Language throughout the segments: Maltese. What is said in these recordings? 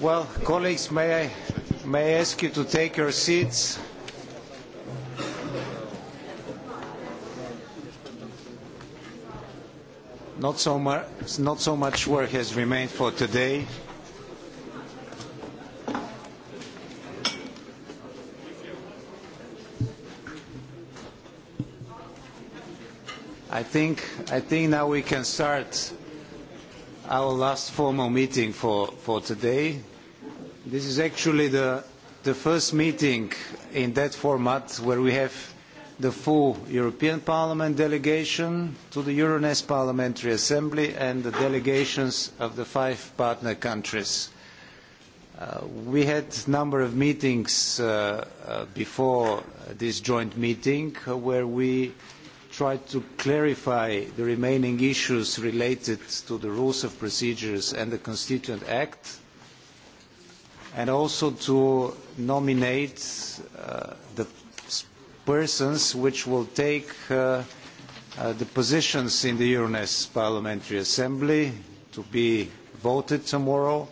Well, colleagues, may I, may I ask you to take your seats? Not so, not so much work has remained for today. I think, I think now we can start our last formal meeting for, for today. This is actually the, the first meeting in that format where we have the full European Parliament delegation to the Euronest Parliamentary Assembly and the delegations of the five partner countries. Uh, we had a number of meetings uh, uh, before this joint meeting where we try to clarify the remaining issues related to the rules of procedures and the Constituent Act, and also to nominate uh, the persons which will take uh, uh, the positions in the Euronest Parliamentary Assembly to be voted tomorrow.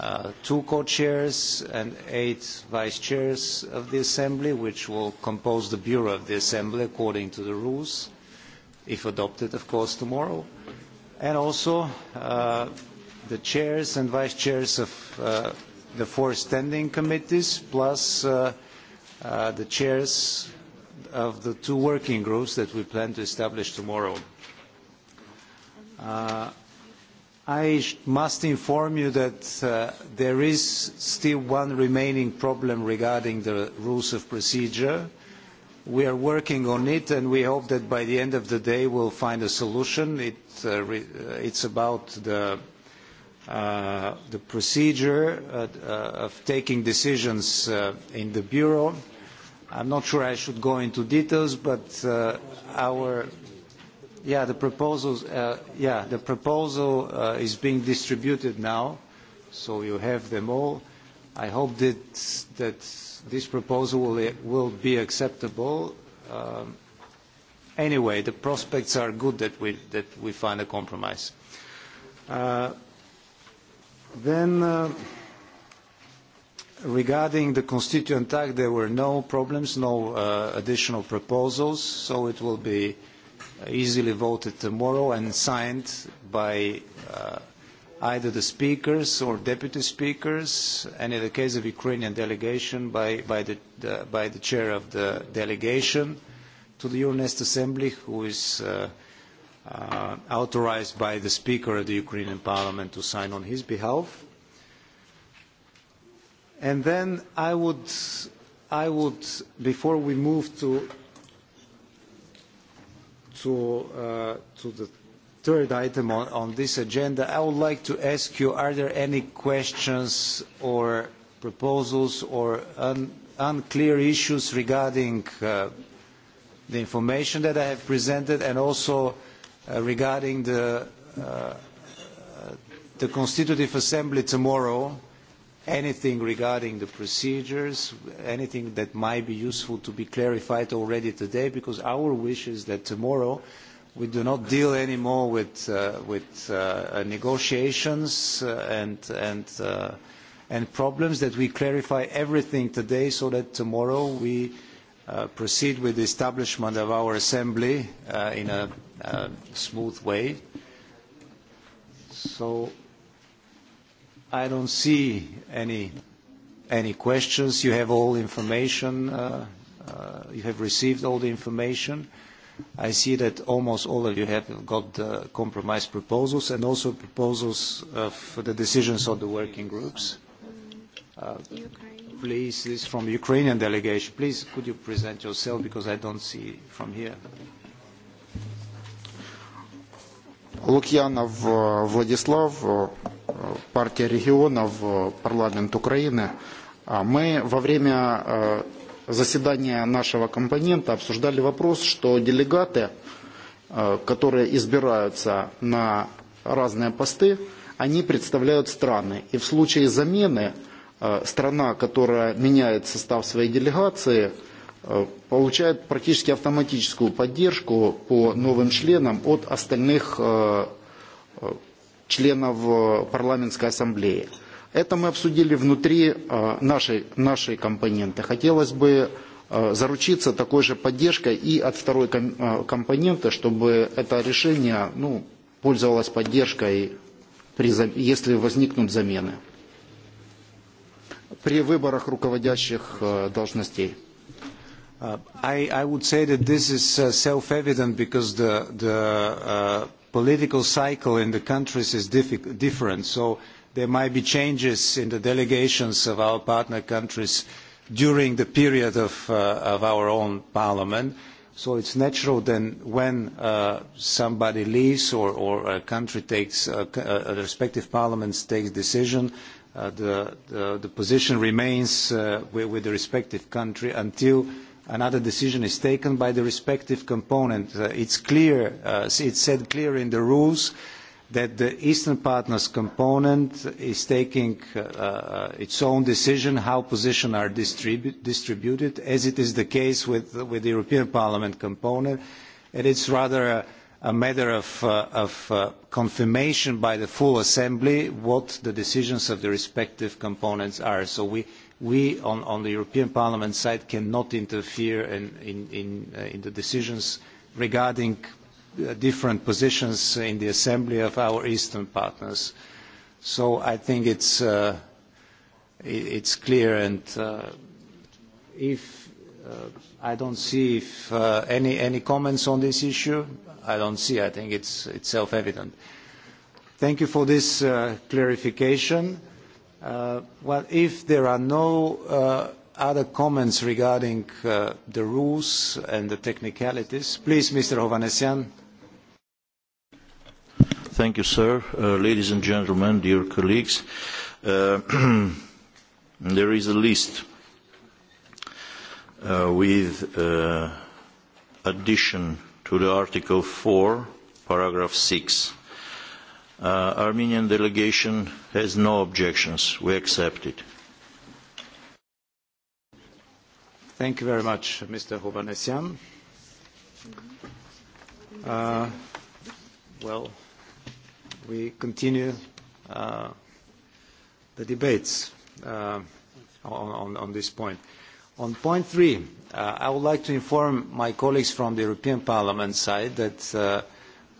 Uh, two co-chairs and eight vice-chairs of the Assembly, which will compose the Bureau of the Assembly according to the rules, if adopted, of course, tomorrow. And also uh, the chairs and vice-chairs of uh, the four standing committees, plus uh, uh, the chairs of the two working groups that we plan to establish tomorrow. Uh, I must inform you that uh, there is still one remaining problem regarding the rules of procedure. We are working on it and we hope that by the end of the day we will find a solution. It, uh, re, uh, it's about the, uh, the procedure uh, uh, of taking decisions in the Bureau. I am not sure I should go into details, but our Yeah, the proposals. Uh, yeah, the proposal uh, is being distributed now, so you have them all. I hope that that this proposal will, will be acceptable. Um, anyway, the prospects are good that we that we find a compromise. Uh, then. Uh, Regarding the Constituent Act, there were no problems, no uh, additional proposals, so it will be easily voted tomorrow and signed by uh, either the speakers or deputy speakers, and in the case of Ukrainian delegation, by, by, the, the, by the chair of the delegation to the Euronest Assembly, who is uh, uh, authorized by the Speaker of the Ukrainian Parliament to sign on his behalf. And then I would, I would before we move to to, uh, to the third item on, on this agenda, I would like to ask you, are there any questions or proposals or un unclear issues regarding uh, the information that I have presented and also uh, regarding the, uh, uh the Constitutive Assembly tomorrow? anything regarding the procedures, anything that might be useful to be clarified already today, because our wish is that tomorrow we do not deal anymore with, uh, with uh, uh negotiations uh, and, and, uh, and problems, that we clarify everything today so that tomorrow we uh, proceed with the establishment of our assembly uh, in a uh, smooth way. So I don't see any, any questions. You have all information. Uh, uh, you have received all the information. I see that almost all of you have got the compromise proposals and also proposals uh, for the decisions of the working groups. Uh, please, this is from the Ukrainian delegation. Please, could you present yourself because I don't see from here. Лукьянов э, Владислав, э, партия регионов, э, парламент Украины. Мы во время заседания нашего компонента обсуждали вопрос, что делегаты, которые избираются на разные посты, они представляют страны. И в случае замены страна, которая меняет состав своей делегации, Э, получают практически автоматическую поддержку по новым членам от остальных э, э, членов парламентской ассамблеи. Это мы обсудили внутри нашей, нашей компоненты. Хотелось бы заручиться такой же поддержкой и от второй компоненты, чтобы это решение ну, пользовалось поддержкой, при, если возникнут замены при выборах руководящих должностей. Uh, I, I would say that this is uh, self-evident because the, the uh, political cycle in the countries is different. So there might be changes in the delegations of our partner countries during the period of, uh, of our own parliament. So it's natural then when uh, somebody leaves or, or a country takes, uh, uh a respective parliament takes decision, uh, the, the, the position remains uh, with, with the respective country until another decision is taken by the respective component. Uh, it's clear, uh, it's said clear in the rules that the Eastern Partners component is taking uh, uh its own decision how positions are distribu distributed, as it is the case with, with the European Parliament component. And it's rather a, a matter of, uh, of uh, confirmation by the full assembly what the decisions of the respective components are. So we, we on, on the European Parliament side cannot interfere in, in, in, uh, in the decisions regarding uh, different positions in the assembly of our eastern partners. So I think it's, uh, it's clear and uh, if uh, I don't see if, uh, any, any comments on this issue, I don't see. I think it's, it's self-evident. Thank you for this uh, clarification. Uh, well, if there are no uh, other comments regarding uh, the rules and the technicalities, please, Mr. Hovanesian. Thank you, sir. Uh, ladies and gentlemen, dear colleagues, uh, there is a list uh, with uh, addition to the Article 4, paragraph 6 Uh, Armenian delegation has no objections. We accept it. Thank you very much, Mr. Hovanesyan. Uh, well, we continue uh, the debates uh, on, on, on this point. On point three, uh, I would like to inform my colleagues from the European Parliament side that uh,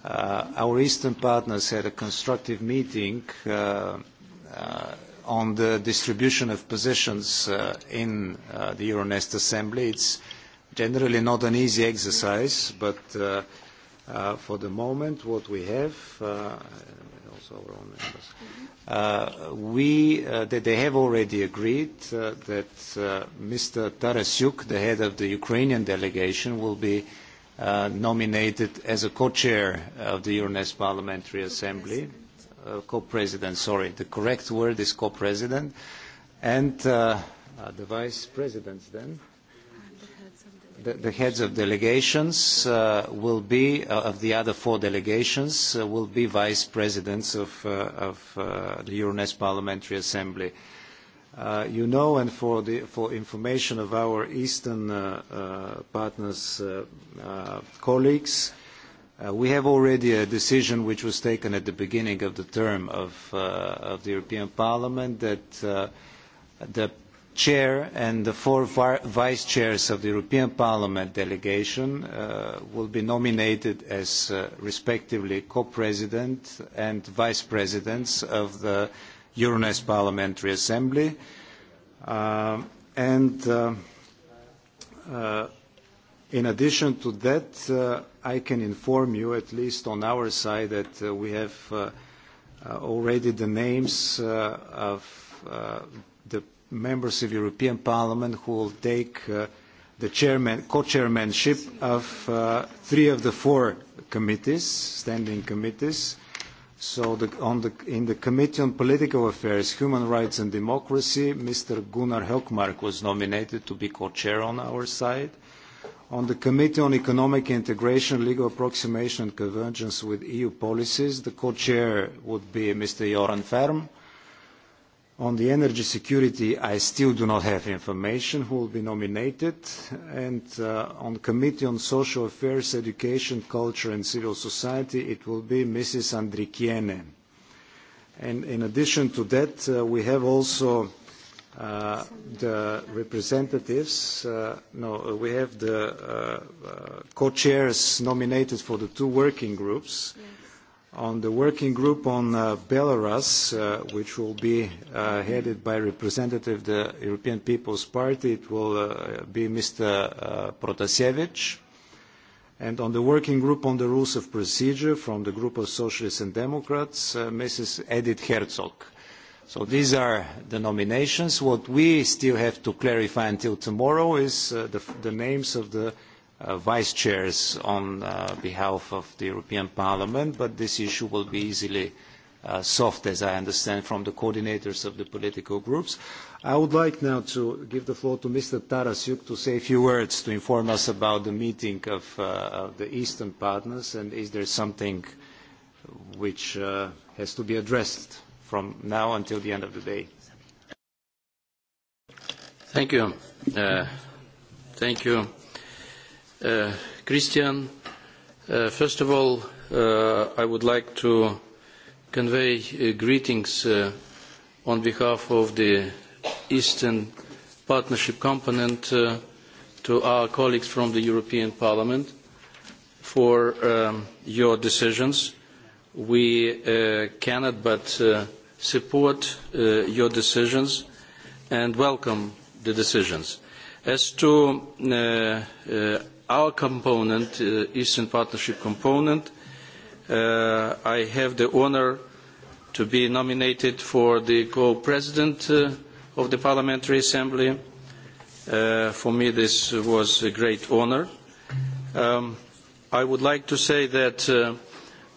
Uh, our Eastern partners had a constructive meeting uh, uh, on the distribution of positions uh, in uh, the Euronest Assembly. It's generally not an easy exercise, but uh, uh, for the moment what we have, uh, also our own members, uh, we, uh, they, they have already agreed uh, that uh, Mr. Tarasyuk, the head of the Ukrainian delegation, will be uh, uh, nominated as a co-chair of the Euronest Parliamentary Assembly, uh, co-president, sorry, the correct word is co-president, and uh, uh, the vice presidents then. The, the heads of delegations uh, will be, uh, of the other four delegations, uh, will be vice presidents of, uh, of uh, the Euronest Parliamentary Assembly. Uh, Uh, you know, and for, the, for information of our Eastern uh, uh, partners' uh, uh, colleagues, uh, we have already a decision which was taken at the beginning of the term of, uh, of the European Parliament that uh, the chair and the four vice chairs of the European Parliament delegation uh, will be nominated as uh, respectively co-president and vice presidents of the Euronest Parliamentary Assembly. Uh, and uh, uh, in addition to that, I can inform you, at least on our side, that we have already the names of the members of European Parliament who will take the chairman, co-chairmanship of three of the four committees, standing committees. So the, on the, in the Committee on Political Affairs, Human Rights and Democracy, Mr. Gunnar Helkmark was nominated to be co-chair on our side. On the Committee on Economic Integration, Legal Approximation and Convergence with EU Policies, the co-chair would be Mr. Joran Ferm. On the energy security, I still do not have information who will be nominated. And uh, on the Committee on Social Affairs, Education, Culture and Civil Society, it will be Mrs. Andrikiene. And in addition to that, uh, we have also uh, the representatives, uh, no, uh, we have the uh, uh, co-chairs nominated for the two working groups. Yeah on the working group on uh, Belarus, uh, which will be uh, headed by representative of the European People's Party. It will uh, be Mr. Uh, Protasevich. And on the working group on the rules of procedure from the group of Socialists and Democrats, uh, Mrs. Edith Herzog. So these are the nominations. What we still have to clarify until tomorrow is uh, the, the names of the uh, vice chairs on uh, behalf of the European Parliament, but this issue will be easily uh, soft, as I understand, from the coordinators of the political groups. I would like now to give the floor to Mr. Tarasyuk to say a few words to inform us about the meeting of, uh, of the Eastern partners and is there something which uh, has to be addressed from now until the end of the day. Thank you. Uh, thank you Uh, Christian, uh, first of all, uh, I would like to convey uh, greetings uh, on behalf of the Eastern Partnership component uh, to our colleagues from the European Parliament for um, your decisions. We uh, cannot but uh, support uh, your decisions and welcome the decisions. As to uh, uh, our component, uh, Eastern Partnership component, uh, I have the honor to be nominated for the co-president uh, of the Parliamentary Assembly. Uh, for me, this was a great honor. Um, I would like to say that uh,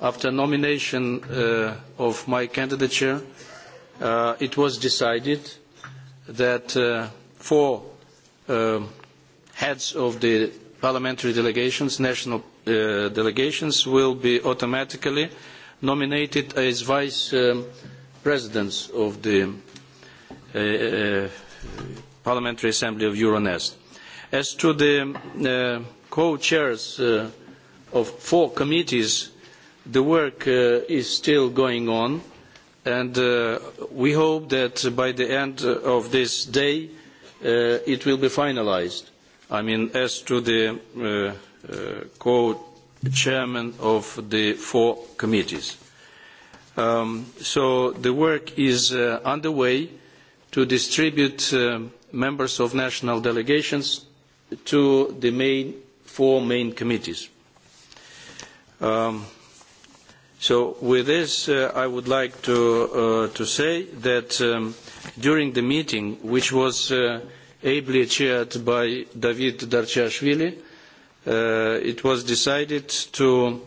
after nomination uh, of my candidature, uh, it was decided that uh, four uh, heads of the parliamentary delegations, national uh, delegations, will be automatically nominated as vice um, presidents of the uh, uh Parliamentary Assembly of Euronest. As to the um, uh, co-chairs uh, of four committees, the work is still going on and uh, we hope that by the end of this day uh, it will be finalised. I mean, as to the uh, uh, co-chairman of the four committees. Um, so the work is uh, underway to distribute uh, members of national delegations to the main, four main committees. Um, so with this, uh, I would like to, uh, to say that um, during the meeting, which was uh, ably chaired by David Darciashvili, uh, it was decided to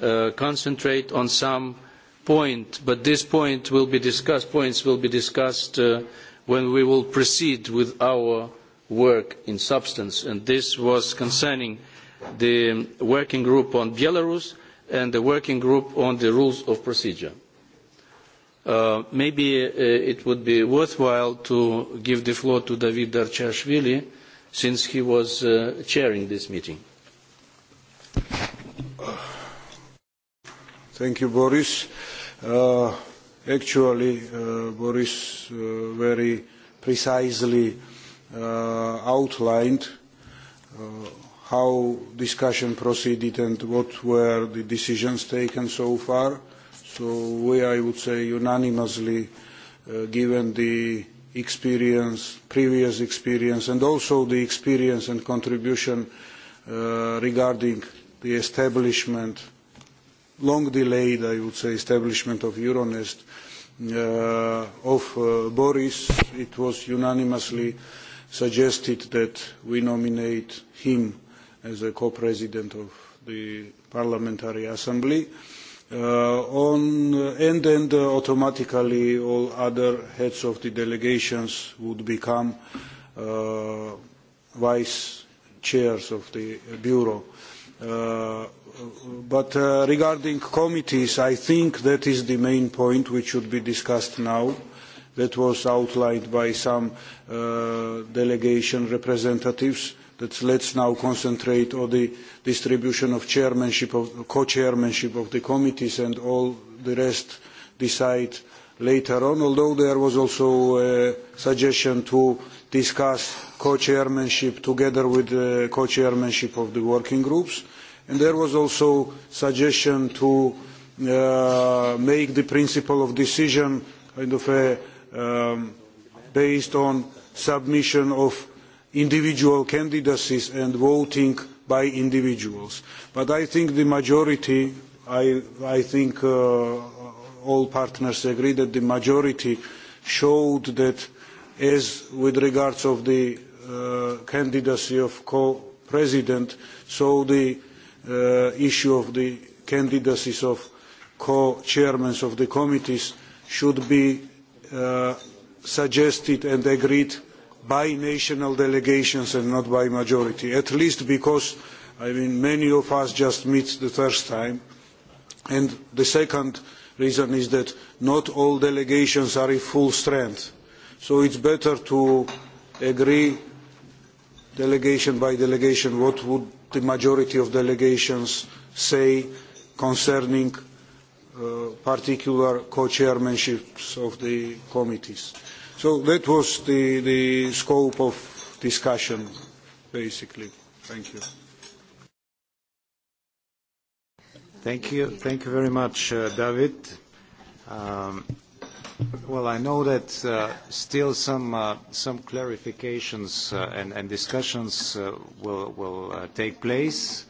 uh, concentrate on some point, but this point will be discussed, points will be discussed uh, when we will proceed with our work in substance. And this was concerning the working group on Belarus and the working group on the rules of procedure. Uh, maybe uh, it would be worthwhile to give the floor to David Darchashvili since he was uh, chairing this meeting. Thank you, Boris. Uh, actually, uh, Boris uh, very precisely uh, outlined uh, how discussion proceeded and what were the decisions taken so far So we, I would say, unanimously, uh, given the experience, previous experience, and also the experience and contribution uh, regarding the establishment, long delayed, I would say, establishment of Euronest, uh, of uh, Boris, it was unanimously suggested that we nominate him as a co-president of the Parliamentary Assembly. Uh, Uh, on, uh, and then uh, automatically all other heads of the delegations would become uh, vice chairs of the bureau. Uh, but uh, regarding committees, I think that is the main point which should be discussed now. That was outlined by some uh, delegation representatives that let's now concentrate on the distribution of chairmanship, of co-chairmanship of the committees and all the rest decide later on, although there was also a suggestion to discuss co-chairmanship together with the co-chairmanship of the working groups. And there was also suggestion to uh, make the principle of decision kind of a, um, based on submission of individual candidacies and voting by individuals. But I think the majority, I, I think uh, all partners agree that the majority showed that as with regards of the uh, candidacy of co-president, so the uh, issue of the candidacies of co-chairmen of the committees should be uh, suggested and agreed by national delegations and not by majority, at least because I mean, many of us just meet the first time. And the second reason is that not all delegations are in full strength. So it's better to agree delegation by delegation what would the majority of delegations say concerning uh, particular co-chairmanships of the committees. So that was the, the scope of discussion, basically. Thank you. Thank you. Thank you very much, uh, David. Um, well, I know that uh, still some, uh, some clarifications uh, and, and discussions uh, will, will uh, take place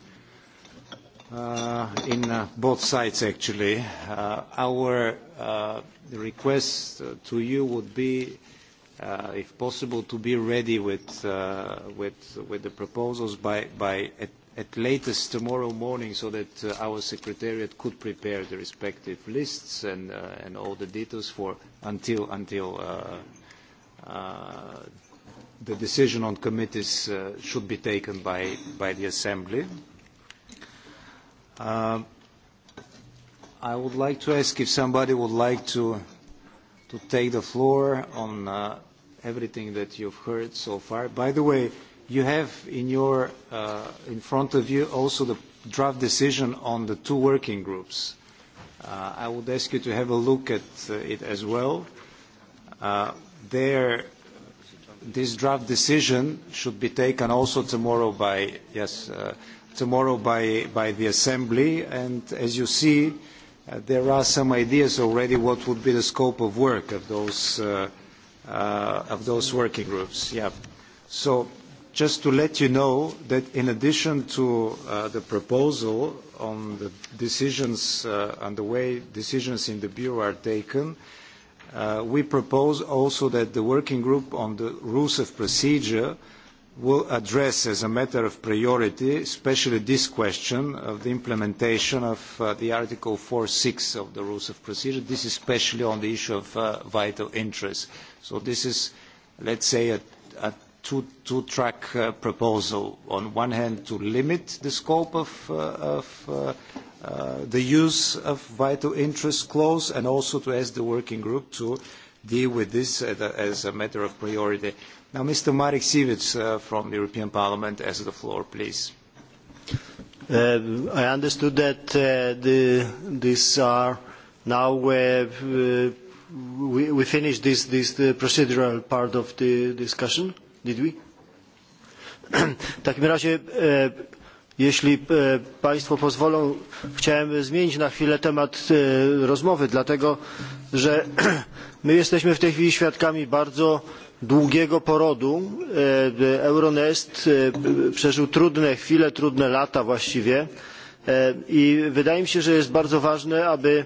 uh, in uh, both sides actually. Uh, our uh, request uh, to you would be, uh, if possible, to be ready with, uh, with, with the proposals by, by at, at latest tomorrow morning so that uh, our secretariat could prepare the respective lists and, uh, and all the details for until, until uh, uh, the decision on committees uh, should be taken by, by the Assembly. Uh, I would like to ask if somebody would like to, to take the floor on uh, everything that you've heard so far. By the way, you have in, your, uh, in front of you also the draft decision on the two working groups. Uh, I would ask you to have a look at uh, it as well. Uh, there, this draft decision should be taken also tomorrow by, yes, uh, tomorrow by, by the Assembly, and as you see, uh, there are some ideas already what would be the scope of work of those, uh, uh, of those working groups. Yeah. So just to let you know that in addition to uh, the proposal on the decisions uh, on the way decisions in the Bureau are taken, uh, we propose also that the working group on the rules of procedure – will address as a matter of priority, especially this question of the implementation of uh, the Article 4.6 of the Rules of Procedure. This is especially on the issue of uh, vital interest. So this is, let's say, a, a two-track two uh, proposal. On one hand, to limit the scope of, uh, of uh, uh, the use of vital interest clause and also to ask the working group to deal with this as a, as a matter of priority. Now, Mr. Marek Sivic uh, from the European Parliament has the floor, please. Uh, I understood that uh, the, these are now uh, uh we, we finished this, this the procedural part of the discussion, did we? w takim razie, e, jeśli e, Państwo pozwolą, chciałem zmienić na chwilę temat e, rozmowy, dlatego że my jesteśmy w tej chwili świadkami bardzo długiego porodu e, Euronest e, przeżył trudne chwile, trudne lata właściwie e, i wydaje mi się, że jest bardzo ważne, aby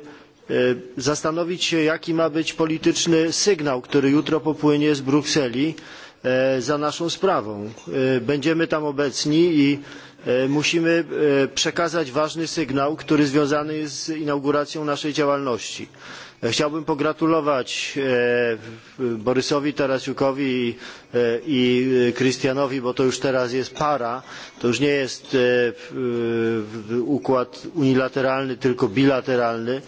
zastanowić się, jaki ma być polityczny sygnał, który jutro popłynie z Brukseli za naszą sprawą. Będziemy tam obecni i musimy przekazać ważny sygnał, który związany jest z inauguracją naszej działalności. Chciałbym pogratulować e, Borysowi Tarasiukowi e, i Krystianowi, e, bo to już teraz jest para. To już nie jest układ unilateralny, tylko bilateralny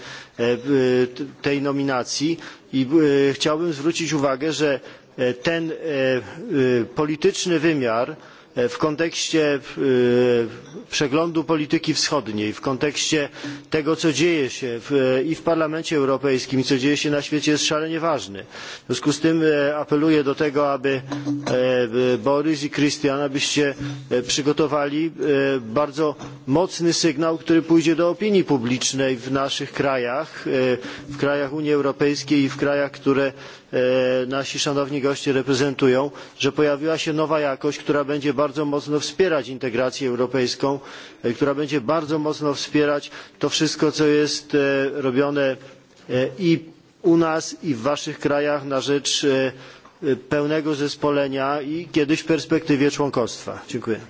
tej nominacji. I chciałbym zwrócić uwagę, że ten polityczny wymiar w kontekście przeglądu polityki wschodniej, w kontekście tego, co dzieje się w, i w Parlamencie Europejskim, i co dzieje się na świecie, jest szalenie ważny. W związku z tym apeluję do tego, aby e, Borys i Krystian, abyście e, przygotowali e, bardzo mocny sygnał, który pójdzie do opinii publicznej w naszych krajach, w krajach Unii Europejskiej i w krajach, które E, nasi szanowni goście reprezentują, że pojawiła się nowa jakość, która będzie bardzo mocno wspierać integrację europejską, e, która będzie bardzo mocno wspierać to wszystko, co jest e, robione i u nas, i w waszych krajach na rzecz pełnego zespolenia i kiedyś w perspektywie członkostwa. Dziękuję.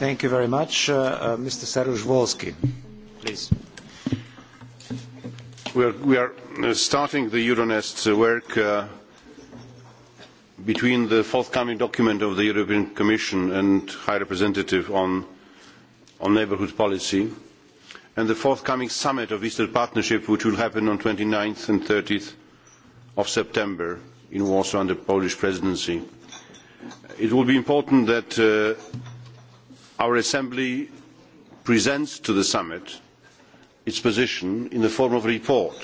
Thank you very much. Uh, uh, Mr. Wolski, please. We are, we are uh, starting the Euronest uh, work uh, between the forthcoming document of the European Commission and High Representative on, on neighbourhood policy and the forthcoming summit of Eastern Partnership which will happen on 29th and 30th of September in Warsaw under Polish presidency. It will be important that uh, our Assembly presents to the summit its position in the form of a report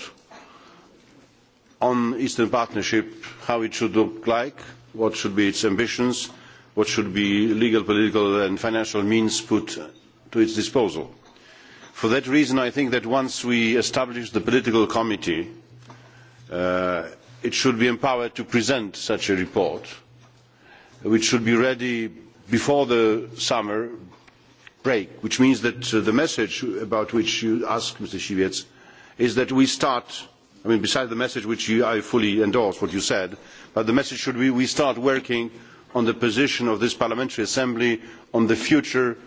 on Eastern Partnership, how it should look like, what should be its ambitions, what should be legal, political and financial means put to its disposal. For that reason, I think that once we establish the political committee, uh, it should be empowered to present such a report, which should be ready before the summer, break, which means that uh, the message about which you ask, Mr. Shivets, is that we start, I mean, besides the message which you, I fully endorse what you said, but the message should be we start working on the position of this Parliamentary Assembly on the future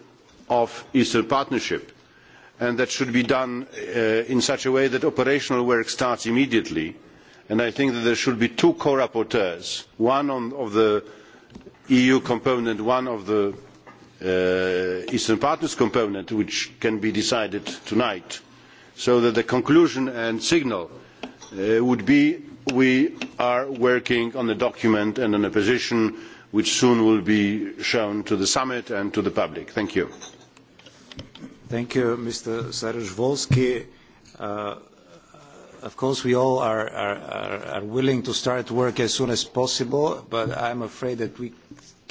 of Eastern Partnership. And that should be done uh, in such a way that operational work starts immediately. And I think that there should be two co-rapporteurs, one on, of the EU component, one of the Uh, Eastern Partners component, which can be decided tonight, so that the conclusion and signal uh, would be we are working on a document and on a position which soon will be shown to the summit and to the public. Thank you. Thank you, Mr. Sarajvolsky. Uh, of course, we all are, are, are willing to start work as soon as possible, but I'm afraid that we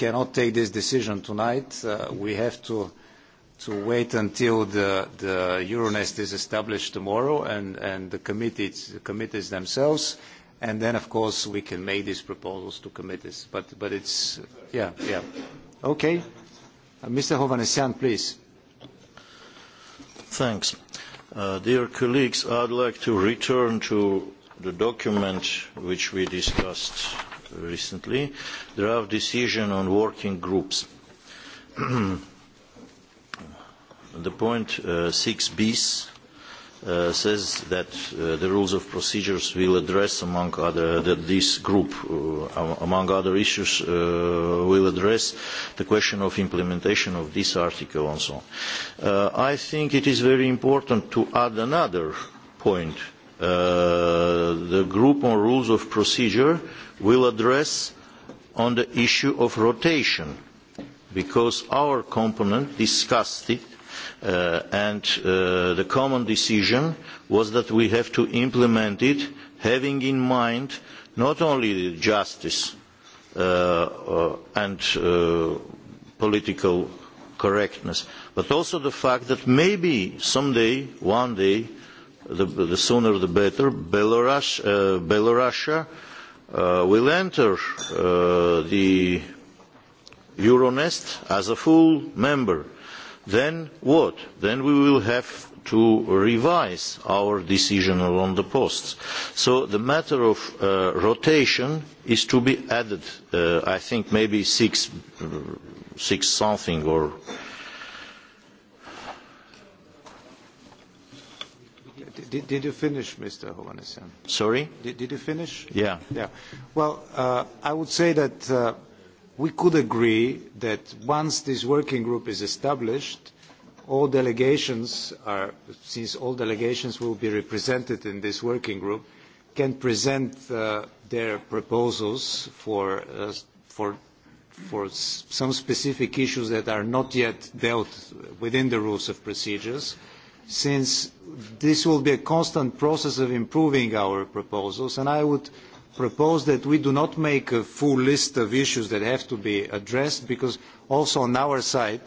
cannot take this decision tonight. Uh, we have to, to wait until the, the Euronest is established tomorrow and, and the, committees, the committees themselves. And then, of course, we can make these proposals to committees. But, but it's, yeah, yeah. Okay. Uh, Mr. Hovanesyan, please. Thanks. Uh, dear colleagues, I'd like to return to the document which we discussed recently, draft decision on working groups. the point uh, 6 b uh, says that uh, the rules of procedures will address among other that this group uh, among other issues uh, will address the question of implementation of this article and so on. Uh, I think it is very important to add another point uh, the group on rules of procedure will address on the issue of rotation because our component discussed it uh, and uh, the common decision was that we have to implement it having in mind not only justice uh, uh and uh, political correctness but also the fact that maybe someday one day the, the sooner the better belarus uh, uh, will enter uh, the Euronest as a full member, then what? Then we will have to revise our decision on the posts. So the matter of uh, rotation is to be added, uh, I think maybe six, six something or Did, did you finish, Mr. Hovanesian? Sorry? Did, did you finish? Yeah. yeah. Well, uh, I would say that uh, we could agree that once this working group is established, all delegations are, since all delegations will be represented in this working group, can present uh, their proposals for, uh, for, for some specific issues that are not yet dealt within the rules of procedures since this will be a constant process of improving our proposals, and I would propose that we do not make a full list of issues that have to be addressed, because also on our side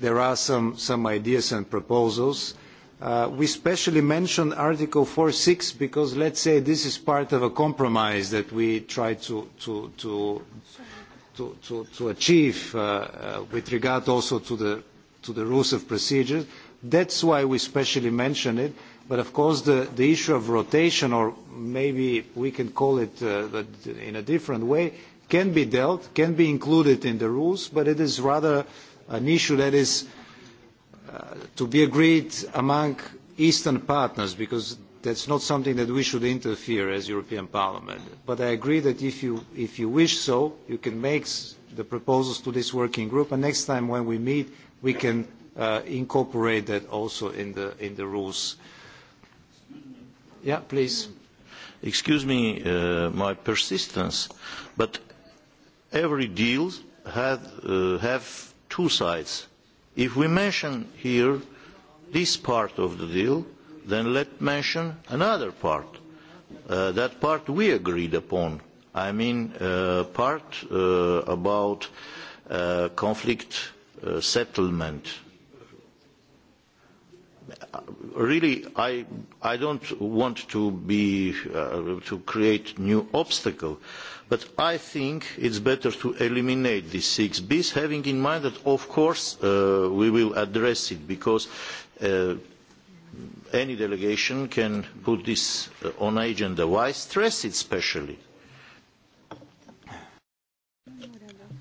there are some, some ideas and proposals. Uh, we specially mention Article four six because let us say this is part of a compromise that we try to, to, to, to achieve uh, uh, with regard also the, to the, rules of procedure. That's why we specially mention it. But of course, the, the issue of rotation, or maybe we can call it uh, in a different way, can be dealt, can be included in the rules, but it is rather an issue that is uh, to be agreed among Eastern partners, because that's not something that we should interfere as European Parliament. But I agree that if you, if you wish so, you can make the proposals to this working group, and next time when we meet, we can Uh, incorporate that also in the, in the rules. Yeah, please. Excuse me, uh, my persistence, but every deal has uh, have two sides. If we mention here this part of the deal, then let mention another part. Uh, that part we agreed upon. I mean, uh, part uh, about uh, conflict uh, settlement really, I, I don't want to, be, uh, to create new obstacle, but I think it's better to eliminate these six B, having in mind that, of course, uh, we will address it, because uh, any delegation can put this uh, on agenda. Why stress it specially?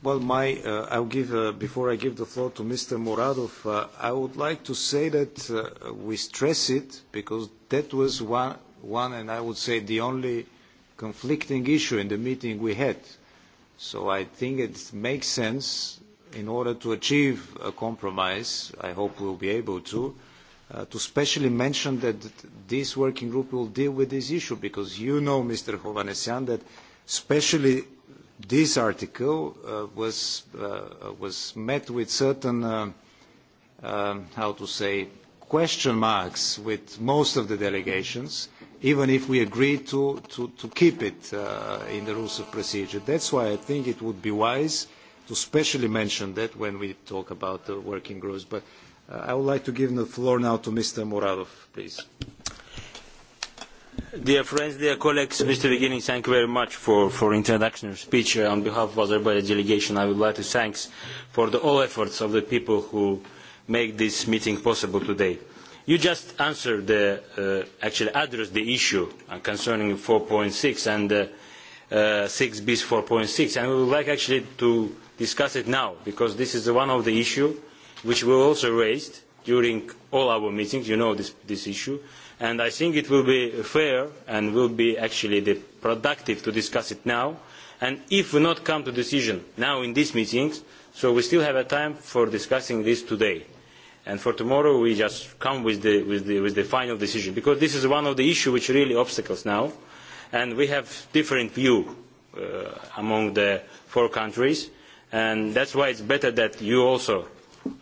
Well, my, uh, I'll give, uh, before I give the floor to Mr. Muradov, uh, I would like to say that uh, we stress it because that was one, one, and I would say the only conflicting issue in the meeting we had. So I think it makes sense in order to achieve a compromise, I hope we'll be able to, uh, to specially mention that this working group will deal with this issue because you know, Mr. Hovanesyan, that especially this article uh, was, uh, uh, was met with certain, uh, uh, how to say, question marks with most of the delegations, even if we agreed to, to, to keep it uh, in the rules of procedure. That's why I think it would be wise to specially mention that when we talk about the working groups. But uh, I would like to give the floor now to Mr. Muradov, please. Dear friends, dear colleagues, Mr. Vigini, thank you very much for, for introduction and speech. Uh, on behalf of Azerbaijan delegation, I would like to thank for the, all efforts of the people who make this meeting possible today. You just answered the, uh, actually addressed the issue uh, concerning 4.6 and uh, uh, 6 b 4.6, and we would like actually to discuss it now, because this is one of the issues which we also raised during all our meetings, you know this, this issue, And I think it will be fair and will be actually the productive to discuss it now. And if we not come to decision now in these meetings, so we still have a time for discussing this today. And for tomorrow we just come with the, with the, with the final decision because this is one of the issues which really obstacles now. And we have different view uh, among the four countries. And that's why it's better that you also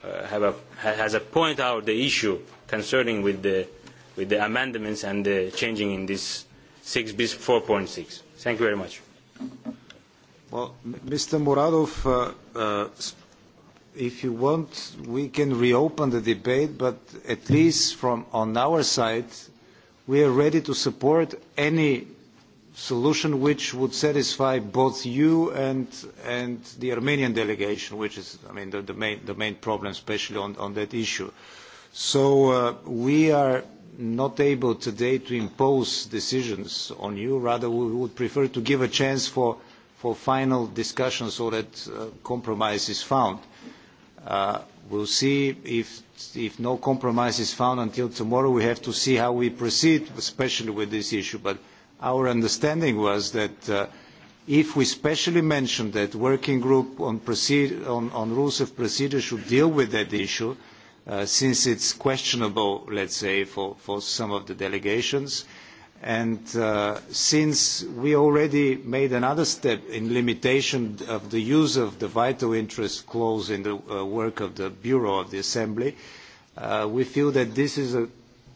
uh, have a, has a point out the issue concerning with the with the amendments and the changing in this 6bis 4.6. Thank you very much. Well, Mr. Muradov, uh, uh, if you want, we can reopen the debate, but at least from on our side, we are ready to support any solution which would satisfy both you and, and the Armenian delegation, which is, I mean, the, the, main, the main problem, especially on, on that issue. So uh, we are not able today to impose decisions on you. Rather, we would prefer to give a chance for, for final discussion so that uh, compromise is found. Uh, we'll see if, if no compromise is found until tomorrow. We have to see how we proceed, especially with this issue. But our understanding was that uh, if we specially mention that working group on, proceed, on, on rules of procedure should deal with that issue, since uh, since it's questionable, let's say, for, for some of the delegations. And uh, since we already made another step in limitation of the use of the vital interest clause in the uh, work of the Bureau of the Assembly, uh, we feel that this is a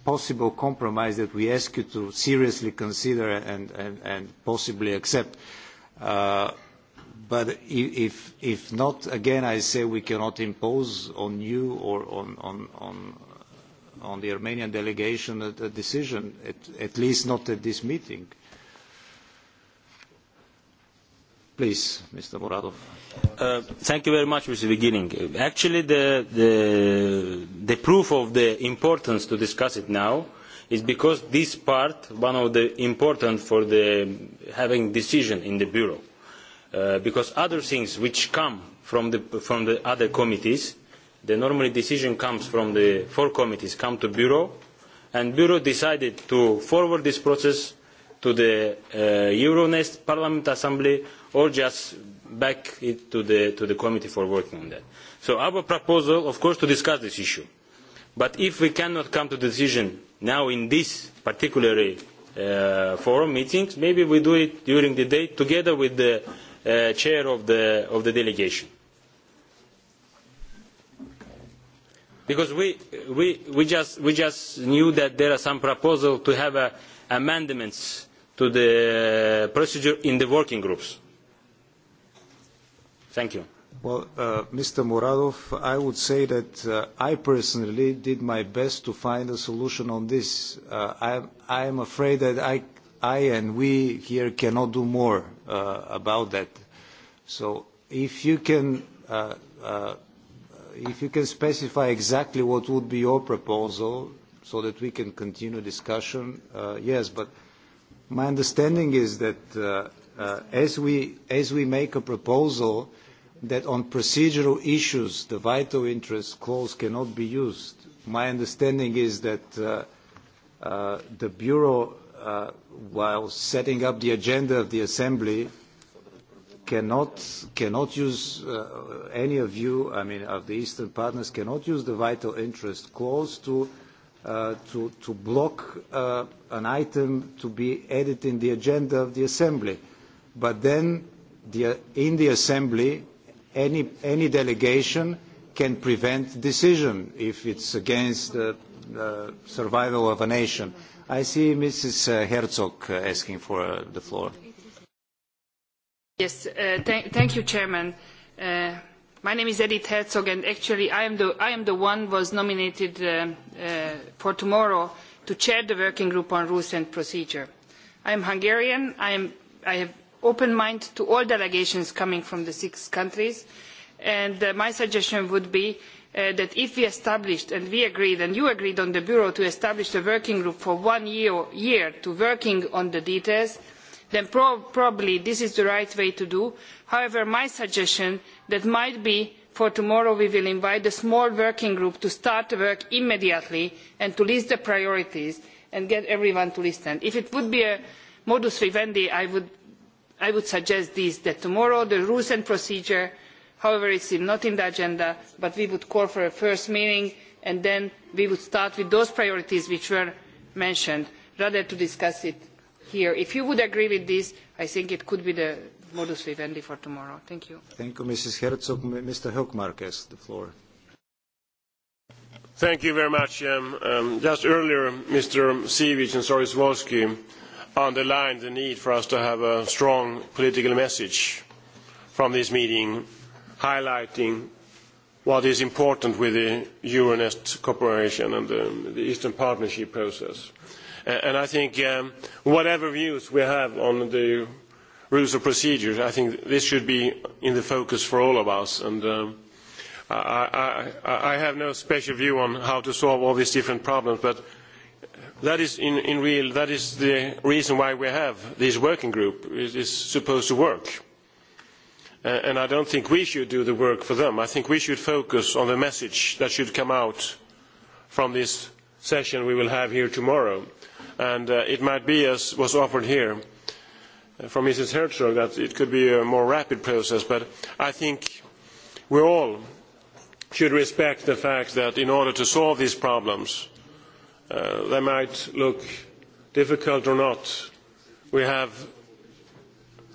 possible compromise that we ask you to seriously consider and, and, and possibly accept. Uh, But if, if not, again, I say we cannot impose on you or on, on, on, on the Armenian delegation a, a decision, at, at least not at this meeting. Please, Mr. Muradov. Uh, thank you very much, Mr. Beginning. Actually, the, the, the proof of the importance to discuss it now is because this part, one of the important for the having decision in the Bureau Uh, because other things which come from the, from the other committees, the normally decision comes from the four committees, come to Bureau, and Bureau decided to forward this process to the uh, Euronest Parliament Assembly or just back it to the, to the committee for working on that. So our proposal, of course, to discuss this issue. But if we cannot come to the decision now in this particular uh, forum meetings, maybe we do it during the day together with the uh, chair of the, of the delegation. Because we, we, we, just, we just knew that there are some proposals to have uh, amendments to the procedure in the working groups. Thank you. Well, uh, Mr. Muradov, I would say that uh, I personally did my best to find a solution on this. Uh, I, I am afraid that I, I and we here cannot do more uh, about that. So if you can uh, uh, if you can specify exactly what would be your proposal so that we can continue discussion, uh, yes, but my understanding is that uh, uh, as, we, as we make a proposal that on procedural issues the vital interest clause cannot be used, my understanding is that uh, uh, the Bureau uh, while setting up the agenda of the Assembly, cannot, cannot use, uh, any of you, I mean, of the Eastern partners, cannot use the vital interest clause to, uh, to, to block uh, an item to be added in the agenda of the Assembly. But then, the, uh, in the Assembly, any, any delegation can prevent decision if it's against the uh, survival of a nation. Mm -hmm. I see Mrs. Uh, Herzog uh, asking for uh, the floor. Yes, uh, th thank you, Chairman. Uh, my name is Edith Herzog, and actually I am the, I am the one who was nominated um, uh, for tomorrow to chair the working group on rules and procedure. I am Hungarian. I, am, I have open mind to all delegations coming from the six countries, and uh, my suggestion would be Uh, that if we established and we agreed and you agreed on the bureau to establish a working group for one year, year to working on the details then pro probably this is the right way to do however my suggestion that might be for tomorrow we will invite a small working group to start the work immediately and to list the priorities and get everyone to listen if it would be a modus vivendi i would i would suggest this that tomorrow the rules and procedure However, it is not in the agenda, but we would call for a first meeting and then we would start with those priorities which were mentioned, rather to discuss it here. If you would agree with this, I think it could be the modus vivendi for tomorrow. Thank you. Thank you, Mrs. Herzog. Mr. Hochmark has the floor. Thank you very much. Um, um, just earlier, Mr. Sivic and Soroswolski underlined the need for us to have a strong political message from this meeting highlighting what is important with the Euronest cooperation and the, the Eastern Partnership process. Uh, and I think um, whatever views we have on the rules of procedure, I think this should be in the focus for all of us. And um, I, I, I have no special view on how to solve all these different problems, but that is in, in real, that is the reason why we have this working group. It is supposed to work Uh, and I don't think we should do the work for them. I think we should focus on the message that should come out from this session we will have here tomorrow. And uh, it might be, as was offered here uh, from Mrs. Herzog, that it could be a more rapid process. But I think we all should respect the fact that in order to solve these problems, uh, they might look difficult or not, we have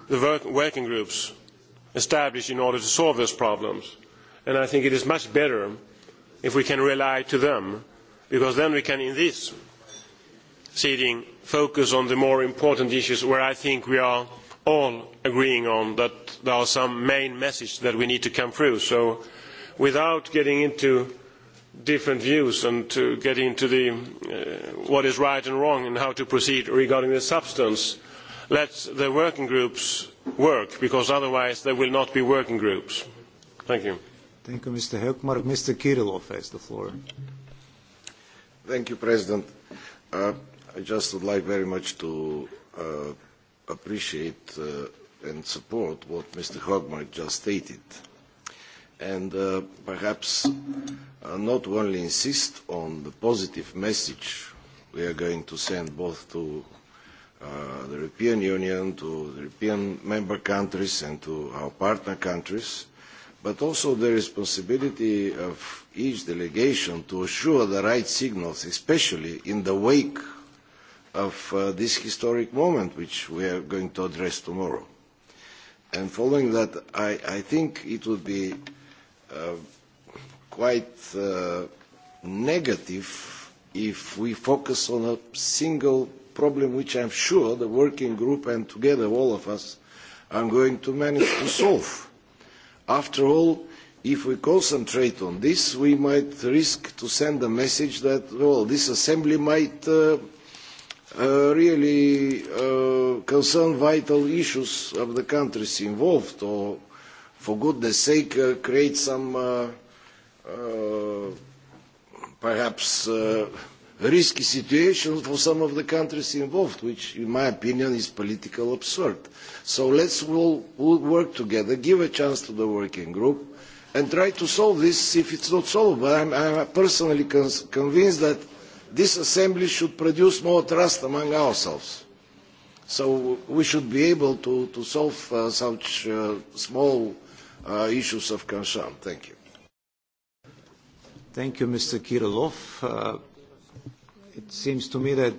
the work working groups established in order to solve those problems. And I think it is much better if we can rely on them, because then we can, in this sitting, focus on the more important issues where I think we are all agreeing on that there are some main messages that we need to come through. So without getting into different views and to get into the, uh, what is right and wrong and how to proceed regarding the substance, let the working groups work because otherwise there will not be working groups. Thank you. Thank you, Mr. Hökmark. Mr. Kirillov has the floor. Thank you, President. Uh, I just would like very much to uh, appreciate uh, and support what Mr. Hökmark just stated. And uh, perhaps uh, not only insist on the positive message we are going to send both to uh, the European Union, to the European member countries and to our partner countries, but also the responsibility of each delegation to assure the right signals, especially in the wake of uh, this historic moment which we are going to address tomorrow. And following that, I, I think it would be uh, quite uh, negative if we focus on a single problem which I am sure the working group and together all of us are going to manage to solve. After all, if we concentrate on this, we might risk to send a message that, well, this assembly might uh, uh, really uh, concern vital issues of the countries involved or, for goodness sake, uh, create some uh, uh, perhaps uh, risky situation for some of the countries involved, which, in my opinion, is political absurd. So let's all, we'll work together, give a chance to the working group, and try to solve this if it's not solved. But I'm, I'm personally convinced that this assembly should produce more trust among ourselves. So we should be able to, to solve uh, such uh, small uh, issues of concern. Thank you. Thank you, Mr. Kirilov. Uh, it seems to me that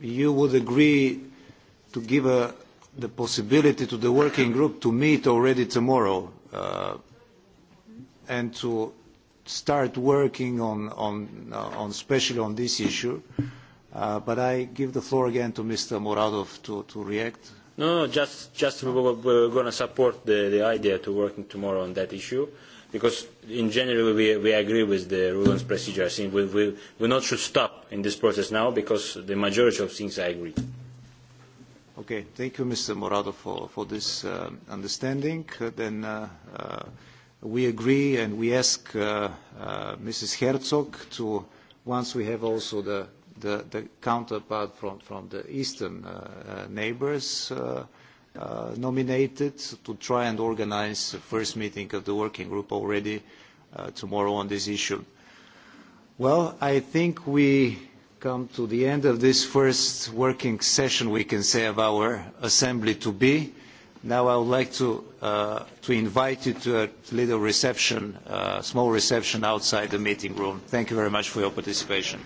you would agree to give uh, the possibility to the working group to meet already tomorrow uh, and to start working on, on, uh, on especially on this issue. Uh, but I give the floor again to Mr. Muradov to, to react. No, no, just, just we're going to support the, the idea to working tomorrow on that issue because in general we, we agree with the rules and procedure. I think we, we, we not should stop in this process now because the majority of things I agree. Okay, thank you, Mr. Morado, for, for this uh, understanding. Uh, then uh, uh, we agree and we ask uh, uh, Mrs. Herzog to, once we have also the, the, the counterpart from, from the eastern uh, uh, neighbors, uh, uh, nominated to try and organize the first meeting of the working group already uh, tomorrow on this issue. Well, I think we come to the end of this first working session, we can say, of our assembly to be. Now I would like to, uh, to invite you to a little reception, uh, small reception outside the meeting room. Thank you very much for your participation.